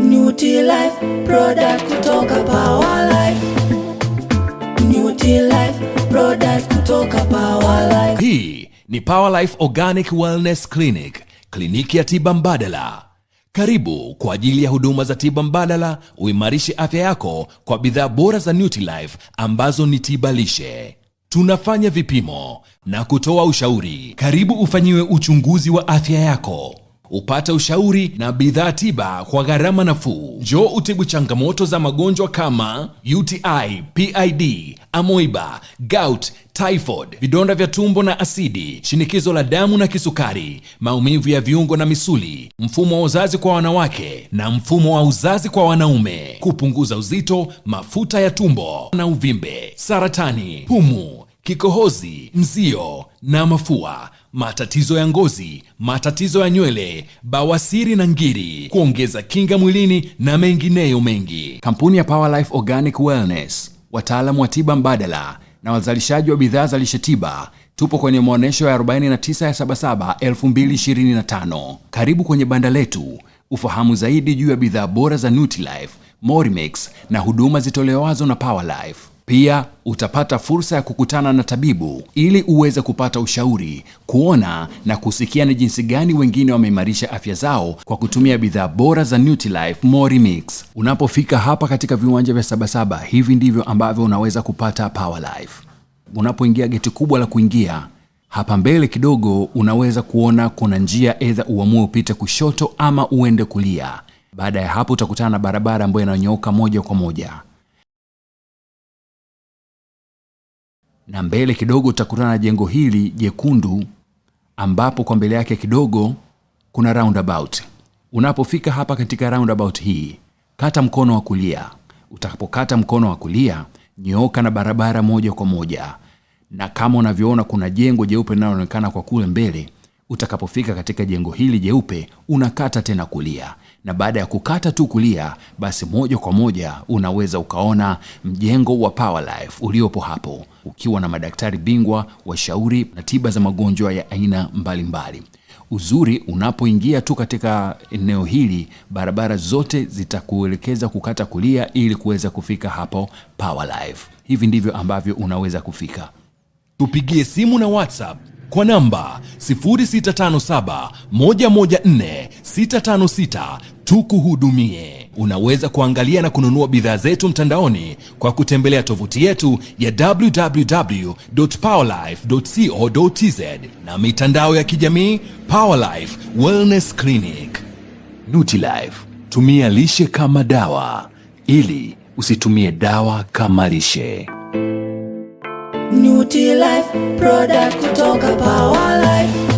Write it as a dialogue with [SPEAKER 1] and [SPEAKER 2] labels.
[SPEAKER 1] Nutilife product kutoka Powerlife. Nutilife product kutoka Powerlife. Hii ni Powerlife Organic Wellness Clinic, kliniki ya tiba mbadala. Karibu kwa ajili ya huduma za tiba mbadala, uimarishe afya yako kwa bidhaa bora za Nutilife ambazo ni tiba lishe. Tunafanya vipimo na kutoa ushauri. Karibu ufanyiwe uchunguzi wa afya yako. Upata ushauri na bidhaa tiba kwa gharama nafuu. jo utibu changamoto za magonjwa kama UTI, PID, amoiba, gout, typhoid, vidonda vya tumbo na asidi, shinikizo la damu na kisukari, maumivu ya viungo na misuli, mfumo wa uzazi kwa wanawake na mfumo wa uzazi kwa wanaume, kupunguza uzito, mafuta ya tumbo na uvimbe, saratani, pumu, kikohozi, mzio na mafua matatizo ya ngozi, matatizo ya nywele, bawasiri na ngiri, kuongeza kinga mwilini na mengineyo mengi. Kampuni ya Powerlife Organic Wellness, wataalamu wa tiba mbadala na wazalishaji wa bidhaa za lishe tiba tupo kwenye maonyesho ya 49 ya Sabasaba 2025. Karibu kwenye banda letu ufahamu zaidi juu ya bidhaa bora za Nutilife, Morimix na huduma zitolewazo na Powerlife. Pia utapata fursa ya kukutana na tabibu ili uweze kupata ushauri, kuona na kusikia ni jinsi gani wengine wameimarisha afya zao kwa kutumia bidhaa bora za Nutrilife Mori Mix. Unapofika hapa katika viwanja vya Sabasaba, hivi ndivyo ambavyo unaweza kupata Life. Unapoingia geti kubwa la kuingia hapa mbele kidogo, unaweza kuona kuna njia, edha uamue upite kushoto ama uende kulia. Baada ya hapo utakutana na barabara ambayo inanyooka moja kwa moja. na mbele kidogo utakutana na jengo hili jekundu, ambapo kwa mbele yake kidogo kuna roundabout. Unapofika hapa katika roundabout hii, kata mkono wa kulia. Utakapokata mkono wa kulia, nyooka na barabara moja kwa moja, na kama unavyoona kuna jengo jeupe linaloonekana kwa kule mbele. Utakapofika katika jengo hili jeupe, unakata tena kulia na baada ya kukata tu kulia, basi moja kwa moja unaweza ukaona mjengo wa Powerlife uliopo hapo ukiwa na madaktari bingwa, washauri na tiba za magonjwa ya aina mbalimbali. Uzuri, unapoingia tu katika eneo hili, barabara zote zitakuelekeza kukata kulia ili kuweza kufika hapo Powerlife. Hivi ndivyo ambavyo unaweza kufika. Tupigie simu na WhatsApp kwa namba 0657114656 tukuhudumie. Unaweza kuangalia na kununua bidhaa zetu mtandaoni kwa kutembelea tovuti yetu ya www.powerlife.co.tz na mitandao ya kijamii Powerlife Wellness Clinic. Nutilife, tumia lishe kama dawa ili usitumie dawa kama lishe. Beauty Life product kutoka Power Life.